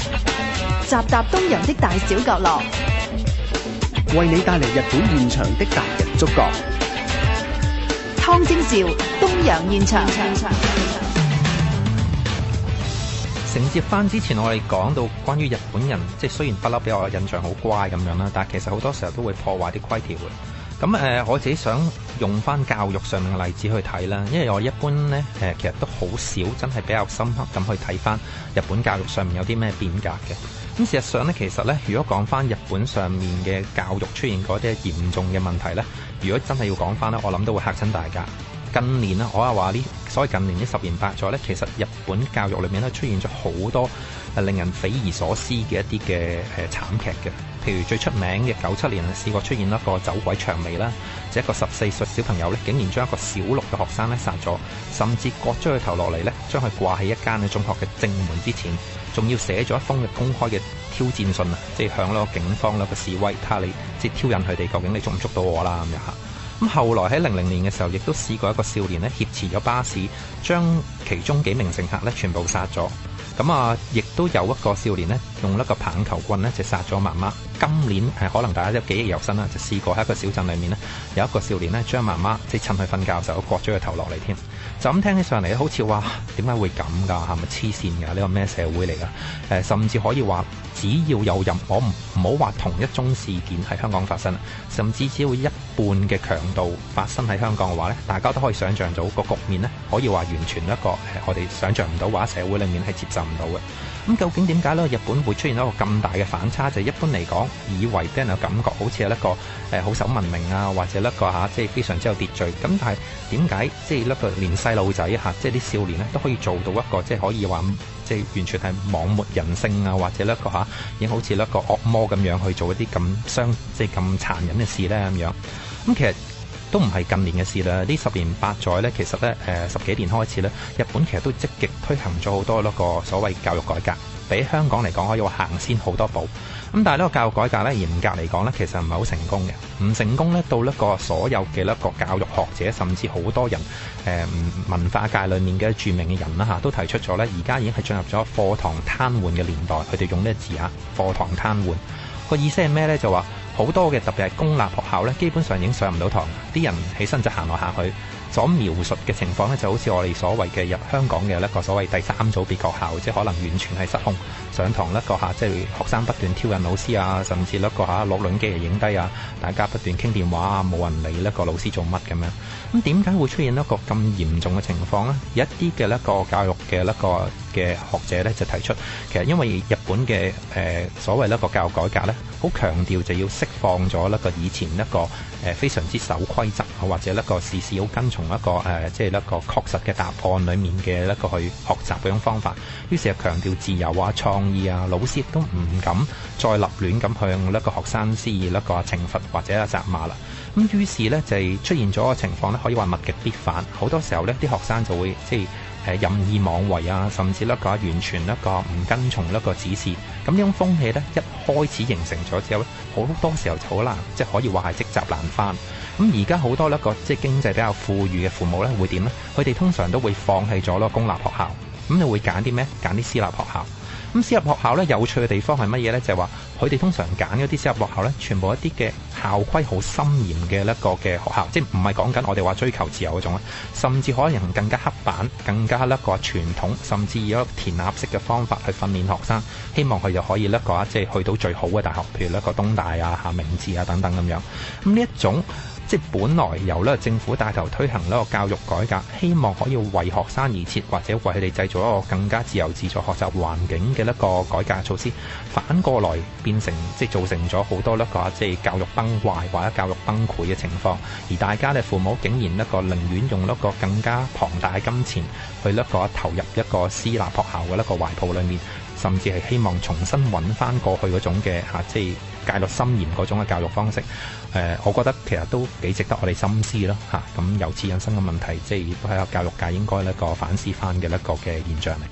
集集東洋的大小角落，為你帶嚟日本現場的達人觸角。湯晶兆，東洋現場。承接翻之前我哋講到關於日本人，即係雖然不嬲俾我印象好乖咁樣啦，但係其實好多時候都會破壞啲規條嘅。咁誒、呃，我自己想用翻教育上面嘅例子去睇啦，因為我一般咧誒、呃，其實都好少真係比較深刻咁去睇翻日本教育上面有啲咩變革嘅。咁事實上咧，其實咧，如果講翻日本上面嘅教育出現嗰啲嚴重嘅問題咧，如果真係要講翻咧，我諗都會吓親大家。近年啊，我話話呢，所以近年呢十年八載咧，其實日本教育裏面都出現咗好多令人匪夷所思嘅一啲嘅誒慘劇嘅。譬如最出名嘅九七年，試過出現一個酒鬼薔薇啦，這一個十四歲小朋友咧，竟然將一個小六嘅學生咧殺咗，甚至割咗佢頭落嚟咧，將佢掛喺一間嘅中學嘅正門之前，仲要寫咗一封嘅公開嘅挑戰信啊，即係向呢個警方呢個示威，睇下你即挑釁佢哋，究竟你捉唔捉到我啦咁樣吓。咁後來喺零零年嘅時候，亦都試過一個少年咧挾持咗巴士，將其中幾名乘客咧全部殺咗。咁啊，亦都、嗯、有一個少年咧，用甩個棒球棍咧就殺咗媽媽。今年係，可能大家有記憶猶新啦，就試過喺一個小鎮裏面咧，有一個少年咧將媽媽即係趁佢瞓覺時候割咗個頭落嚟添。就咁聽起上嚟好似話點解會咁㗎？係咪黐線㗎？呢個咩社會嚟㗎？誒，甚至可以話，只要有任，我唔好話同一宗事件喺香港發生，甚至只要一半嘅強度發生喺香港嘅話呢，大家都可以想像到個局面呢，可以話完全一個我哋想象唔到話社會裡面係接受唔到嘅。咁究竟點解呢？日本會出現一個咁大嘅反差？就係、是、一般嚟講，以為畀人嘅感覺好似係一個誒好守文明啊，或者甩個嚇，即係非常之有秩序。咁但係點解即係甩個細路仔嚇，即係啲少年咧都可以做到一個，即係可以話，即係完全係泯沒人性啊，或者一個嚇，已經好似一個惡魔咁樣去做一啲咁傷，即係咁殘忍嘅事咧咁樣。咁其實都唔係近年嘅事啦，呢十年八載咧，其實咧誒十幾年開始咧，日本其實都積極推行咗好多嗰個所謂教育改革。比香港嚟講，可以話行先好多步。咁但係呢個教育改革咧，嚴格嚟講咧，其實唔係好成功嘅。唔成功咧，到一個所有嘅一個教育學者，甚至好多人誒、呃、文化界裡面嘅著名嘅人啦，嚇、啊、都提出咗咧。而家已經係進入咗課堂癱瘓嘅年代。佢哋用呢個字啊。課堂癱瘓個意思係咩咧？就話好多嘅特別係公立學校咧，基本上已經上唔到堂，啲人起身就行落下去。所描述嘅情況咧，就好似我哋所謂嘅入香港嘅一個所謂第三組別學校，即係可能完全係失控上堂甩個下，即係學生不斷挑釁老師啊，甚至甩個下，攞錄音機嚟影低啊，大家不斷傾電話啊，冇人理甩個老師做乜咁樣。咁點解會出現一、這個咁嚴重嘅情況咧？一啲嘅一個教育嘅一、這個。嘅學者咧就提出，其實因為日本嘅誒、呃、所謂一個教育改革咧，好強調就要釋放咗一個以前一個誒非常之守規則，或者個一個事事好跟從一個誒即係一個確實嘅答案裏面嘅一個去學習嗰種方法。於是就強調自由啊、創意啊，老師亦都唔敢再立亂咁向一個學生施以一個懲罰或者責罵啦。咁於是咧就係出現咗個情況咧，可以話物極必反，好多時候咧啲學生就會即係。任意妄為啊，甚至甩個完全甩個唔跟從甩個指示，咁樣風氣呢，一開始形成咗之後呢，好多時候就好難，即係可以話係積習難返。咁而家好多甩個即係經濟比較富裕嘅父母呢，會點呢？佢哋通常都會放棄咗嗰個公立學校，咁你會揀啲咩？揀啲私立學校。咁私立學校咧有趣嘅地方係乜嘢呢？就係話佢哋通常揀嗰啲私立學校咧，全部一啲嘅校規好森嚴嘅一個嘅學校，即係唔係講緊我哋話追求自由嗰種，甚至可能更加黑板、更加咧個傳統，甚至以一個填鴨式嘅方法去訓練學生，希望佢就可以咧個即係去到最好嘅大學，譬如咧個東大啊、吓明治啊等等咁樣。咁呢一種。即係本來由呢政府帶頭推行呢個教育改革，希望可以為學生而設，或者為佢哋製造一個更加自由自在學習環境嘅一個改革措施，反過來變成即係造成咗好多呢個即係教育崩壞或者教育崩潰嘅情況，而大家嘅父母竟然呢個寧願用一個更加龐大嘅金錢去呢個投入一個私立學校嘅一個懷抱裡面，甚至係希望重新揾翻過去嗰種嘅嚇即戒律森嚴嗰種嘅教育方式，呃，我覺得其實都幾值得我哋深思咯，啊，由此引申嘅問題，即係都係教育界應該咧個反思翻嘅一個嘅現象嚟。